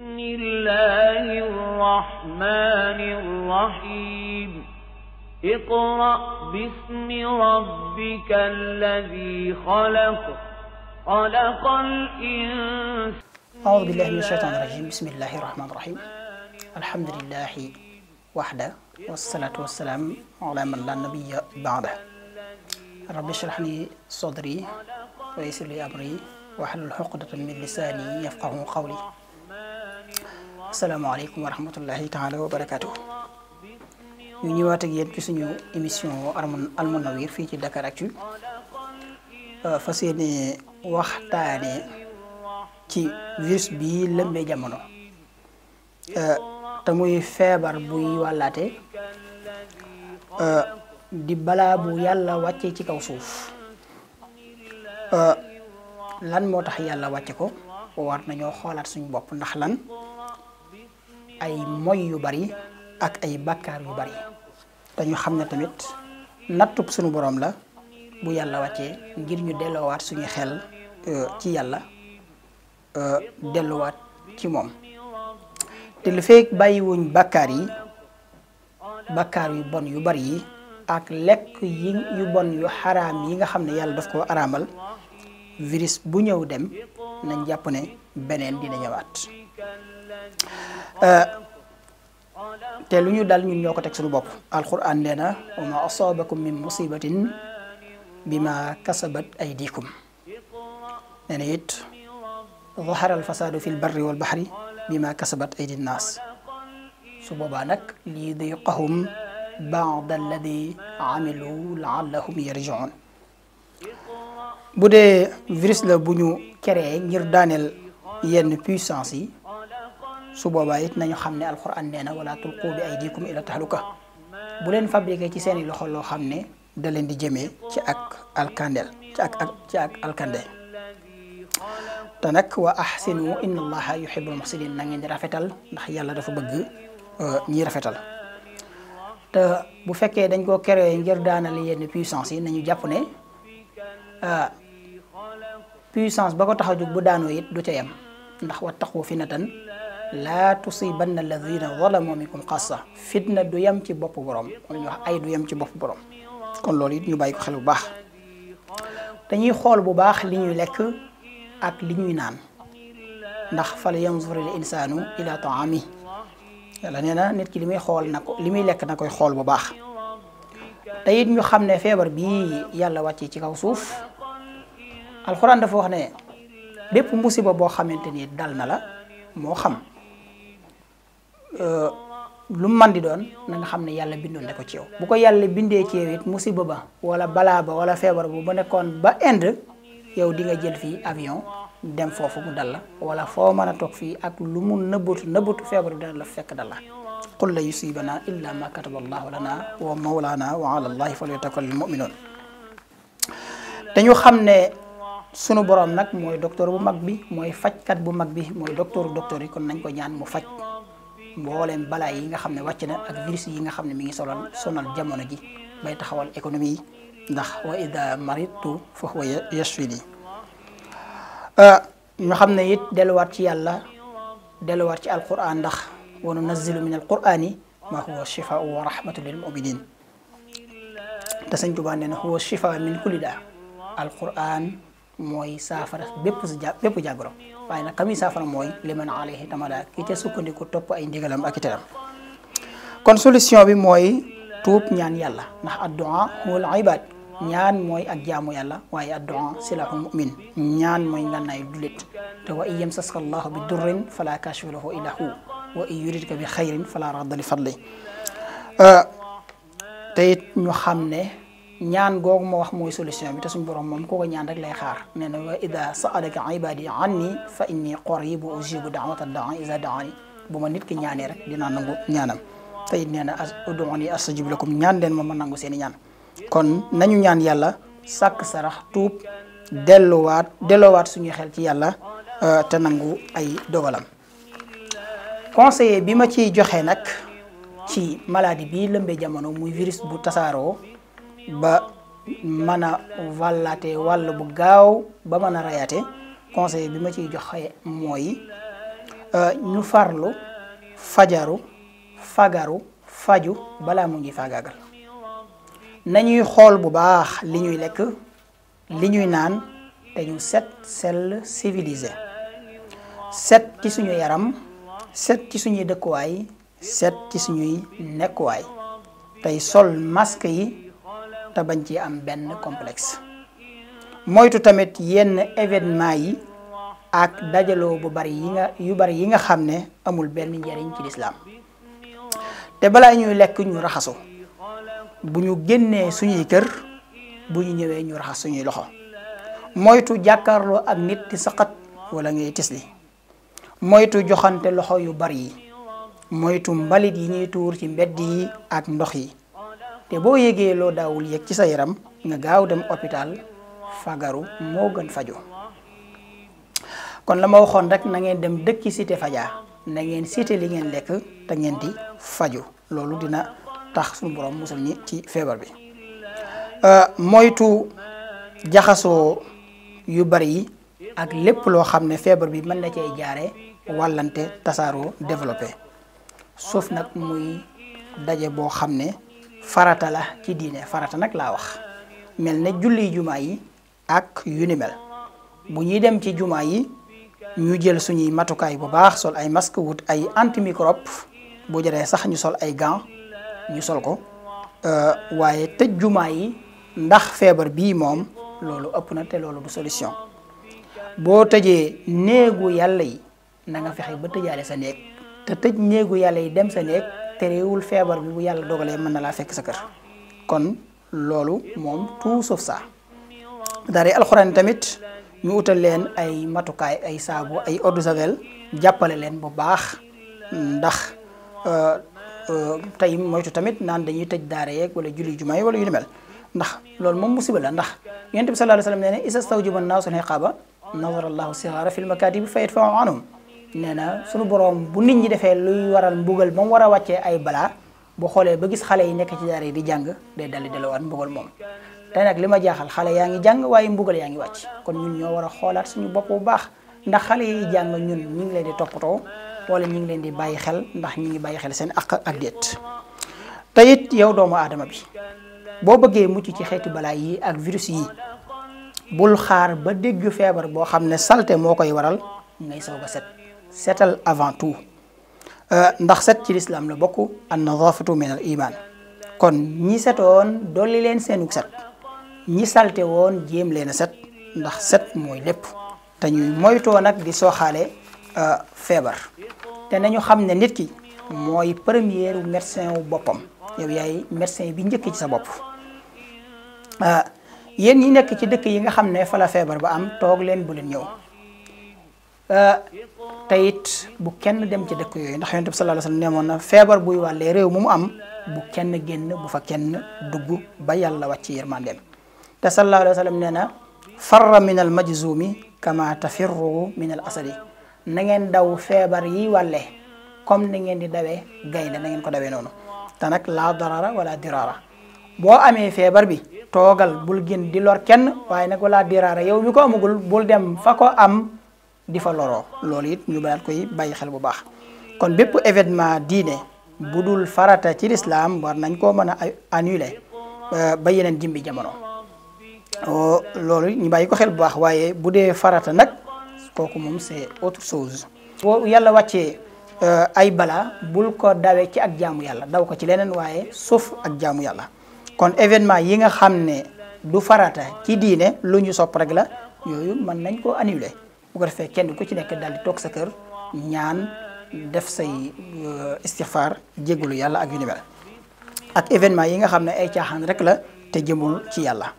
بسم الله الرحمن الرحيم اقرأ باسم ربك الذي خلق خلق الإنسان أعوذ بالله من الشيطان الرجيم بسم الله الرحمن الرحيم الحمد لله وحده والصلاة والسلام على من لا نبي بعده رب اشرح لي صدري ويسر لي أمري واحلل عقدة من لساني يفقه قولي السلام عليكم ورحمة الله تعالى وبركاته. يوني واتجيت في سنو إميشن أرمن المنوير في جدة كاراكتو. فسيني وقتاني كي فيس بي لم بيجامونو. تموي فيبر بوي ولاتي. دي بلا بو يالا واتي تي كوسوف. لان موتاح يالا واتيكو. وارنا نيو خالات سنو بوب نخلان. ay moy yu bari ak ay bakkar yu bari dañu xamne tamit natup suñu borom la bu yalla wacce ngir ñu wat suñu xel euh, ci euh, delo wat ci moom te fek bayyi wuñ bakkar yi bakkar yu bon yu bari ak lek yi yu bon yu haram yi nga xamne yalla daf ko aramal virus bu ñew dem nañ japp ne benen dina ñewat Euh, té luñu dal ñun ñoko tek suñu القرآن لنا وما أصابكم من مصيبة بما كسبت أيديكم aydikum ene ظهر الفساد في البر والبحر بما كسبت ايدي الناس سبب نك ليذيقهم بعض الذي عملوا لعلهم يرجعون بودي فيروس لا بونيو كري غير دانيل يين بويسانس su boobaa it nañu xam ne alxuraan nee na wala tulqu bi aydikum ila tahluka bu leen fabriqué ci seeni loxo loo xam ne da leen di jëmee ci ak alkandel ci ak ak ci alkande te nag waa ahsinu inna allaha yuhibbul muhsinin na ngeen di rafetal ndax yàlla dafa bëgg euh, ñiy rafetal te bu fekkee dañ koo créé ngir daanal yenn puissance yi nañu jàpp ne euh, puissance ba ko tax a jóg bu daanoo it du ca yem ndax wattaqu fitnatan لا تصيبن الذين ظلموا منكم قصه فتنة دو يام تي بوب بروم كون واخ اي دو يام تي بوب بروم كون لول نيو بايكو خيل بو باخ دا نيي خول بو باخ لي نيو ليك اك لي نيو نان ناخ فال ينظر الانسان الى طعامه يلا نينا نيت كي لي خول نكو لي مي ليك نكاي خول بو باخ تايت نيو خامني فيبر بي يالا واتي تي كاو سوف القران دا فوخ ني بيب مصيبه بو خامتني دالنا لا مو خام lu man di doon na nga xam ne yàlla bindoon na ko ci yow bu ko yàlla bindee ci yow it musiba ba wala balaa ba wala feebar bu ba nekkoon ba Inde yow di nga jël fii avion dem foofu mu dal la wala foo mën a toog fii ak lu mu nëbbatu nëbbatu feebar bi dana la fekk dal la qul la yusibanaa illa ma kataba allahu lana wa mawlana wa ala allahi falyatawakkal almu'minuun dañu xam ne sunu borom nag mooy docteur bu mag bi mooy fajkat bu mag bi mooy docteur docteur yi kon nañ ko ñaan mu faj mbooleem balaa yi nga xam ne wàcc na ak virus yi nga xam mi ngi solal sonal jamono ji bay taxawal économie yi ndax wa ida maritu fa huwa yashfini ñu xam ne it delluwaat ci yàlla delluwaat ci alquran ndax wa nunazzilu min alqurani ma huwa shifaa wa rahmatu lil muminin te sëñ Tuubaa nee na huwa mooy saafara bépp si ja bépp waaye nag kami saafara mooy li man alayhi tamada ki ca sukkandiku topp ay ndigalam ak iteram kon solution bi mooy tuub ñaan yàlla ndax addu'a huwal ibad ñaan mooy ak jaamu yàlla waaye addu'a silahu mu'min ñaan mooy ngànnaayu jullit te wa in yamsaska allahu bi durrin fala kashifa lahu illa hu wa in yuridka bi xayrin fala radda li fadli ñu xam ne ñaan gog mo wax moy solution bi ta sun borom mom koo ko ñaan rek lay xaar neena wa idha saalaka ibadi anni fa inni qarib ujibu da'wata da'i idha daani bu nit ki ñaané rek dina nangu ñaanam tay neena as ud'uni uduuni astajib lakum ñaan len mo ma nangu seen ñaan kon nañu ñaan yàlla sak sarax wat delu wat suñu xel ci euh ta nangu ay dogalam conseiller bima ci ciy joxe nag ci maladie bi lembe jamono muy virus bu tasaro ba mën a wàllaate wàll bu gaaw ba mën a rayaate conseil bi ma ciy joxe mooy euh, ñu farlu fajaru fagaru faju balaa mu ngi faagaagal nañuy xool bu baax li ñuy lekk li ñuy naan te ñu set sell civilisé set ci suñu yaram set ci suñuy dëkkuwaay set ci suñuy nekkuwaay tey sol masque yi te bañ ci am benn complexe moytu tamit yenn événement yi ak dajaloo bu bari yi nga yu bari yi nga xam ne amul benn njariñ ci lislaam te balaa ñuy lekk ñu raxasu bu ñu génnee suñuy kër bu ñu ñëwee ñu raxas suñuy loxo moytu jàkkarloo ak nit di saqat wala ngay tisli moytu joxante loxo yu bari yi moytu mbalit yi ñuy tuur ci mbedd yi ak ndox yi te boo yëgee loo daawul yëg ci sa yaram nga gaaw dem hôpital fagaru moo gën faju kon lama waxoon rek na ngeen dem dëkki cité fajaa na ngeen cité li ngeen lekk te ngeen di faju loolu dina tax suñu borom musal ñi ci feebar bi euh, moytu jaxasoo yu bari yi ak lépp loo xam ne feebar bi mën na cee jaare wàllante tasaaroo développé suuf nag muy daje boo xam ne farata la ci diine farata nag laa wax mel ne julli jumaa yi ak yu ni mel bu ñuy dem ci jumaa yi ñu jël suñuy matukaay bu baax sol ay masque wut ay antimicrobe bu jëree sax ñu sol ay gants ñu sol ko euh, waaye tëj jumaa yi ndax feebar bii moom loolu ëpp na te loolu du solution boo tëjee néegu yàlla yi na nga fexe ba tëjaale sa néeg te tëj néegu yàlla yi dem sa néeg terewul feebar bi bu yàlla dogalee mën na laa fekk sa kër kon loolu moom tout sauf ça daara alxuraan tamit ñu utal leen ay matukaay ay saabu ay eau jàppale leen bu baax ndax euh, euh, tey moytu tamit naan dañuy tëj daara yeeg wala julli jumaa yi wala yu ni mel ndax loolu moom musiba la ndax yonent bi sa alayhi wa sallam nee na isa stawjiba naasu l xiqaaba nazara allahu sixaara fi lmakaatibi fa yadfau nee na sunu borom bu nit ñi defee luy waral mbugal ba mu war a wàccee ay balaa bu xoolee ba gis xale yi nekk ci daara yi di jàng day daldi delluwaat mbugal moom te nag li ma jaaxal xale yaa ngi jàng waaye mbugal yaa ngi wàcc kon ñun ñoo war a xoolaat suñu bopp bu baax ndax xale yi jàng ñun ñu ngi leen di toppatoo wala ñu ngi leen di bàyyi xel ndax ñu ngi bàyyi xel seen aq ak déet te yow doomu aadama bi boo bëggee mucc ci xeeti balaa yi ak virus yi bul xaar ba dégg feebar boo xam ne salte moo koy waral ngay set setal avant tout euh, ndax set ci l'islam la bokk an nadhafatu min al iman kon ñi setone doli leen seenug set ñi salté won jëm leen a set ndax set moy lepp te ñuy moytoo nag di euh fièvre té nañu xamné nit ki moy premier médecin wu bopam yow yaay médecin bi njëkk ci sa bop bopp euh, yeen ñi nekk ci dëkk yi nga xamné ne fa la feebar ba am tok leen bu leen ñëw te it bu kenn dem ci dëkk yooyu ndax yonent bi sallallahu alayhi wa sallam moon na feebar buy wàllee réew mu mu am bu kenn genn bu fa kenn dugg ba yàlla wàcc yërmandeem te sallallahu alayhi wa sallam nee na farra min al majzumi kama tafirru min al asadi na ngeen daw feebar yi wàllee comme ni ngeen di dawee gaynde na ngeen ko dawee noonu te nag la darara wala dirara boo amee feebar bi toogal bul génn di lor kenn waaye nag wala dirara yow mi ko amagul bul dem fa ko am di fa loro loolu it ñu daal koy bàyyi xel bu baax kon bépp événement diine bu dul farata ci lislaam war nañ koo mën a annuler euh, ba yeneen jimbi jamono oh, loolu ñu bàyyi ko xel bu baax waaye bu dee farata nag kooku moom c'est autre chose. yàlla wàccee euh, ay bala bul ko dawee ci ak jaamu yàlla daw ko ci leneen waaye suuf ak jaamu yàlla kon événement yi nga xam ne du farata ci diine lu ñu sopp rek la yooyu mën nañ koo annuler. bu ko defee kenn ku ci nekk daal di toog sa kër ñaan def say istixfaar jégalu yàlla ak yu ni mel ak événement yi nga xam ne ay caaxaan rek la te jëmul ci yàlla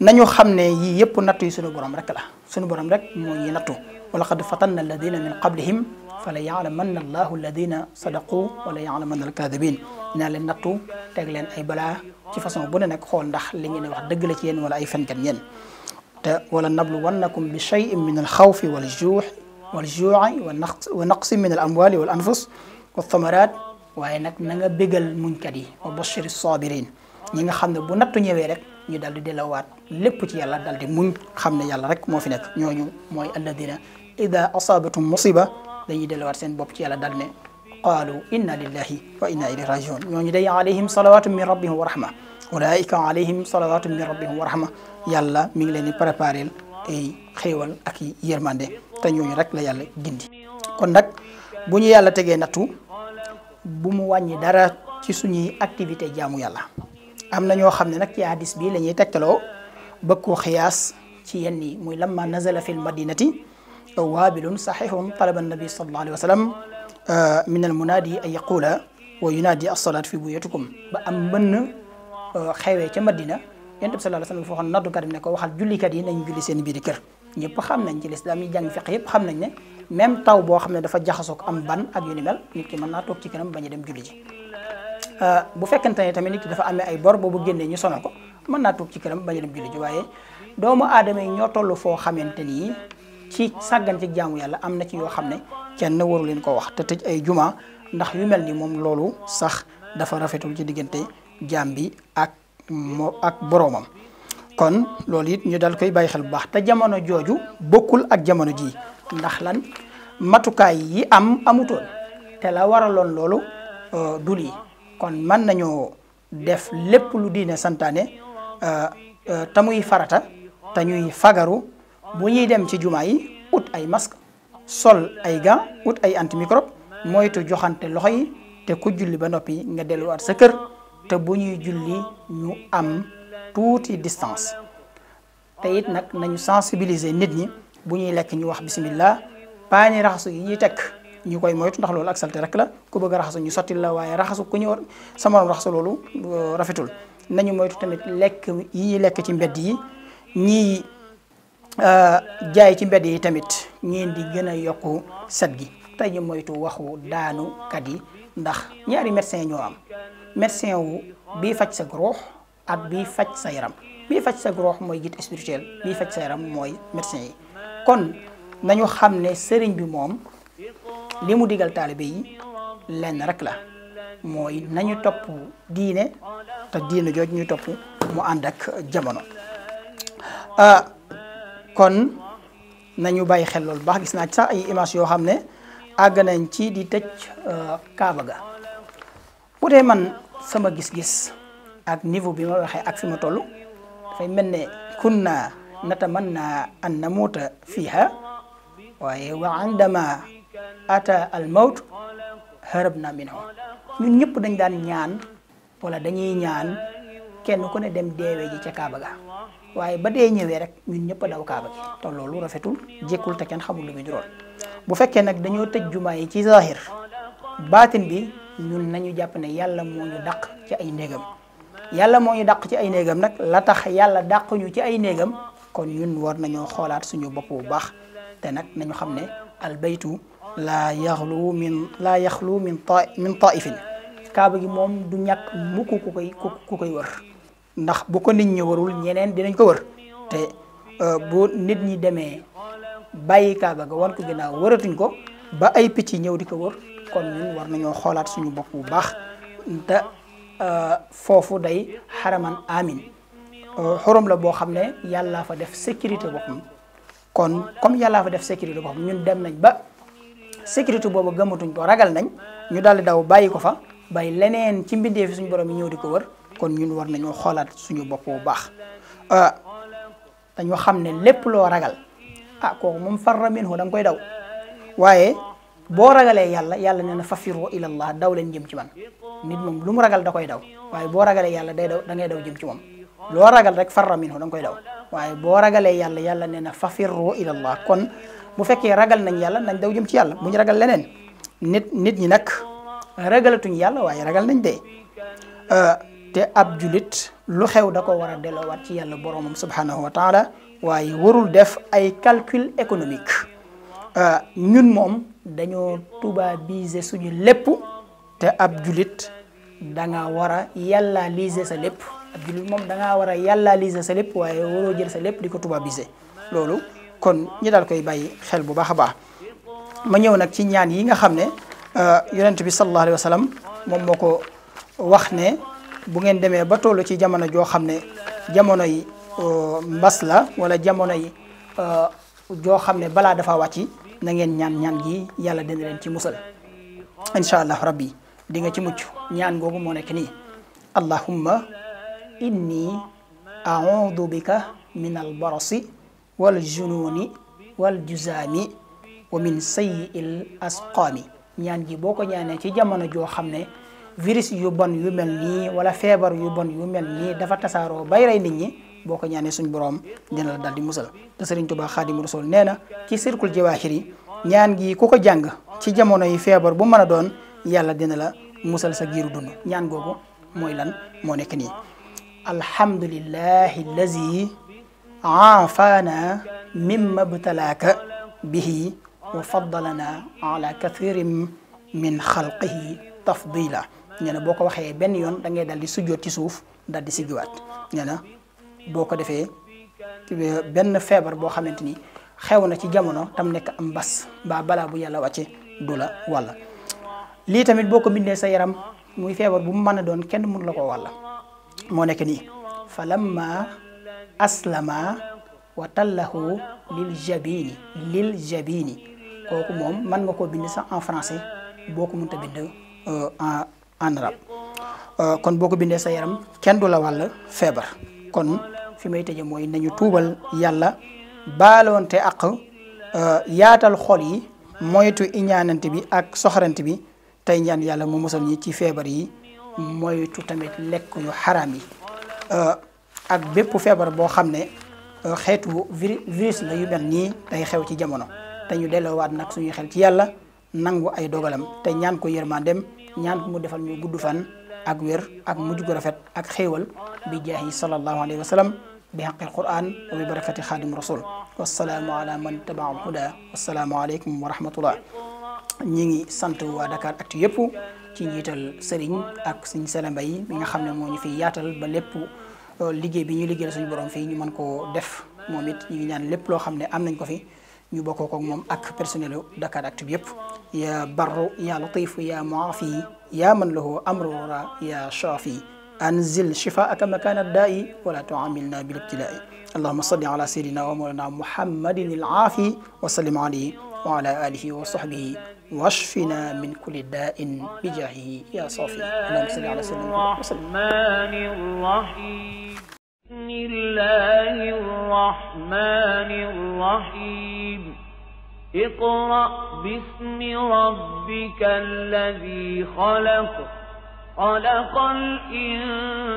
nañu xam ne yii yëpp nattu yi sunu borom rek la sunu borom rek moo ñuy nattu walaqad fatanna alladina min qablihim fala yaalamanna allahu alladina sadaqu wala yaalamanna alkadibin naa leen nattu teg leen ay balaa ci façon bu ne nag xool ndax li ngeen wax dëgg la ci yéen wala ay fenkat yéen ولنبلونكم بشيء من الخوف والجوع والجوع ونقص من الاموال والانفس والثمرات وانك نغا بيغل منكدي وبشر الصابرين نيغا خاند بو نات نيوي رك ني دال دي لوات ليپ تي يالا دال دي مون خامنا يالا رك مو في نيك ньо ญ و موي الذين اذا اصابتهم مصيبه داني دلوات سين بوب تي يالا دال قالوا انا لله وانا اليه راجعون ньо ญ و داي عليهم صلوات من ربهم ورحمه أولئك عليهم صلوات من ربهم ورحمة يلا ميغليني بريباريل اي خيوال اكي يرماندي تا نيوني رك لا يالا غيندي كون داك بو ني يالا تيغي ناتو بو مو واني دارا سي سوني اكتيفيتي جامو يالا امنا ньо خامني نك يا حديث بي لا ني تكتلو بكو خياس سي يني موي لما نزل في المدينه وابل صحيح طلب النبي صلى الله عليه وسلم آه، من المنادي ان يقول وينادي الصلاه في بيوتكم بام بن xewé ci madina yonent bi sallallahu alaihi wasallam fo xon ne kadim ne ko waxal kat yi nañ julli seen biir keur ñepp xam nañ ci l'islam yi jang fiq yëpp xam nañ ne même taw bo xamne dafa jaxasoog am ban ak yu ni mel nit ki man na tok ci kanam bañ dem julli ji euh, bu fekkente tamit nit ki dafa amé ay bor bu génné ñu sonal ko man naa toog ci kanam bañ dem julli ji wayé doomu aadama ño tollu fo xamanteni ci sàggan ci jaamu yalla am ci yo xamne kenn waru leen ko wax te tej ay juma ndax yu mel ni mom lolu sax dafa rafetul ci diggante jaam bi ak moo ak kon loolu it ñu dal koy bàyyi xel bu baax te jamono jooju bokkul ak jamono jii ndax lan matukaay yi am amutoon te la waraloon loolu euh, du lii kon mën nañoo def lépp lu diine santaane euh, euh, te muy farata te ñuy fagaru boo ñuy dem ci jumaa yi ut ay masque sol ay gants ut ay antimicrobe moytu joxante loxo yi te ku julli ba noppi nga delluwaat sa kër te bu ñuy julli ñu am tuuti distance te it nag nañu sensibiliser nit ñi bu ñuy lekk ñu wax bismillah paani raxasu yi ñuy tekk ñu koy moytu ndax loolu ak salte rek la ku bëgg raxasu ñu sotti la waaye raxasu ku ñu war sa morom raxasu loolu euh, rafetul nañu moytu tamit lekk yi lekk ci mbedd yi ñii euh, jaay ci mbedd yi tamit ñeen di gën a yokku set gi te ñu moytu waxu daanu kat yi ndax ñaari médecin ñoo am médecin wu bii faj sa ruux ak bii faj sa yaram bii faj sa ruux mooy guide spirituel bii faj sa yaram mooy médecin yi kon nañu xam ne sëriñ bi moom li mu digal taalibe yi lenn rek la mooy nañu topp diine te diine jooju ñu topp mu ànd ak jamono ah, kon nañu bàyyi xel loolu baax gis naa ci sax ay image yoo xam ne àgg nañ ci di tëj ah, kaaba ga bu dee man sama gis-gis ak niveau bi ma waxee ak fi ma toll dafay mel ne kunna natamanna an namuuta fiiha waaye wa andama ata al mawt harab na minhu ñun ñëpp dañ daan ñaan wala dañuy ñaan kenn ku ne dem deewee ji ci Kaaba ga waaye ba dee ñëwee rek ñun ñëpp a daw Kaaba gi te loolu te kenn xamul lu muy bu fekkee nag dañoo tëj jumaa yi ci zahir baatin bi ñun nañu jàpp ne yàlla moo ñu dàq ci ay néegam yàlla moo ñu dàq ci ay néegam nag la tax yàlla dàq ñu ci ay néegam kon ñun war nañoo xoolaat suñu bopp bu baax te nag nañu xam ne albaytu la yaxlu min laa yaxlu min ta min kaaba gi moom du ñàkk mukk ku koy wër ndax bu ko nit ñi warul ñeneen dinañ ko wër te euh, bu nit ñi demee bàyyi kaaba ga wan ko ginnaaw waratuñ ko ba ay picc ñëw di ko wër kon ñun war nañoo xoolaat suñu bopp bu baax te euh, foofu day xaraman amin euh, xorom la boo xam ne yàllaa fa def sécurité boppam kon comme yàllaa fa def sécurité boppam ñun dem nañ ba sécurité boobu gëmatuñ ko ragal nañ ñu daldi daw bàyyi ko fa bàyyi leneen ci mbindee suñu borom yi ñëw di ko wër kon ñun war nañoo xoolaat suñu bopp bu baax euh, dañoo xam ne lépp loo ragal a ah, kooku moom farra minhu da nga koy daw waaye boo ragalee yàlla yàlla nee na fafiru ilallah daw leen jëm ci man nit moom lu mu ragal da koy daw waaye boo ragalee yàlla day daw da daw jëm ci moom loo ragal rek farra minhu da nga koy daw waaye boo ragalee yàlla yàlla nee na fafiru ilallah kon bu fekkee ragal nañ yàlla nañ daw jëm ci yàlla bu ñu ragal leneen nit nit ñi nag ragalatuñ yàlla waaye ragal nañ dee euh, te ab julit lu xew da ko war a delloowaat ci yàlla boroomam subhanahu wa taala waaye warul def ay calcul économique euh, ñun moom dañoo tubaabise suñu lépp te ab julit da nga war a yàllaaliser sa lépp ab julit moom da ngaa war a yàllaaliser sa lépp waaye waroo jël sa lépp di ko tubaabise loolu kon ñi daal koy bàyyi xel bu baax a baax ma ñëw nag ci ñaan yi nga xam ne euh, yonent bi sallallahu alayhi wa sallam moom moo ko wax ne bu ngeen demee ba toll ci jamono joo xam ne jamono yi euh, mbas la wala jamono yi euh, joo xam ne balaa dafa wàcci na ngeen ñaan ñaan ji yàlla dina leen ci musal incha allah rabbi dinga ci mucc ñaan googu moo nekk nii allahumma inni audu bika min albarasi wal junuuni wal juzaami wa min sayyi il ñaan ji boo ko ñaanee ci jamono joo xam ne virus yu bon yu mel nii wala feebar yu bon yu mel nii dafa tasaaroo bay rey nit ñi boo ko ñaanee suñ borom dina la dal di musal te Serigne Touba Xaadimu Rasuul nee na ci cercle jawaahir yi ñaan gi ku ko jàng ci jamono yi feebar bu mën a doon yàlla dina la musal sa giiru dun ñaan googu mooy lan moo nekk nii alhamdulillahi allazi aafaana mimma btalaaka bihi wa faddalana ala kathirin min xalqihi tafdila nee na boo ko waxee benn yoon da ngay dal di sujjoot ci suuf daldi di siggiwaat boo ko defee benn feebar boo xamante ni xew na ci jamono tam nekk am mbas mbaa balaa bu yàlla wàcce dula la walla lii tamit boo ko bindee sa yaram muy feebar bu mu mën a doon kenn mun la ko walla moo nekk nii fa lamma aslama wa tallahu lil jabini lil jabini kooku moom mën nga koo bind sax en français boo ko mënta bind euh, en euh, kon boo ko bindee sa yaram kenn du la feebar kon fi may tëje moy nañu tuubal yàlla balonté ak yaatal xol yi moytu iñaanante bi ak soxrante bi tay ñaan yàlla mo musal ñi ci fébar yi moytu tamit lek yu harami euh ak bép fébar bo xamné xétu virus la yu mel ni tay xew ci jamono tay ñu delloowaat nak suñu xel ci yàlla nangu ay dogalam tay ñaan ko yërmandem ñaan ko mu defal ñu gudd fan ak wér ak mujju rafet ak xéewal bi jahi sallallahu alayhi wasallam بحق القرآن وببركة خادم الرسول والسلام على من تبع الهدى والسلام عليكم ورحمة الله نيجي سنتو ودكار أتيبو تنجيتال سرين أك سن سلام بي من خامنة موني في ياتل بلبو ليجي بيني ليجي لسن برام في نيمان كو دف موميت نيجي نان لبلو خامنة أمنين كوفي ñu euh, bokko ko mom ak personnel dakar act yep ya barru ya latif ya muafi ya man lahu amru ya shafi أنزل شفاءك مكان الداء ولا تعاملنا بالابتلاء اللهم صل على سيدنا ومولانا محمد العافي وسلم عليه وعلى آله وصحبه واشفنا من كل داء بجاهه يا صافي اللهم صل على سيدنا الرحمن الرحيم بسم الله الرحمن الرحيم اقرأ باسم ربك الذي خلق خلق الإنسان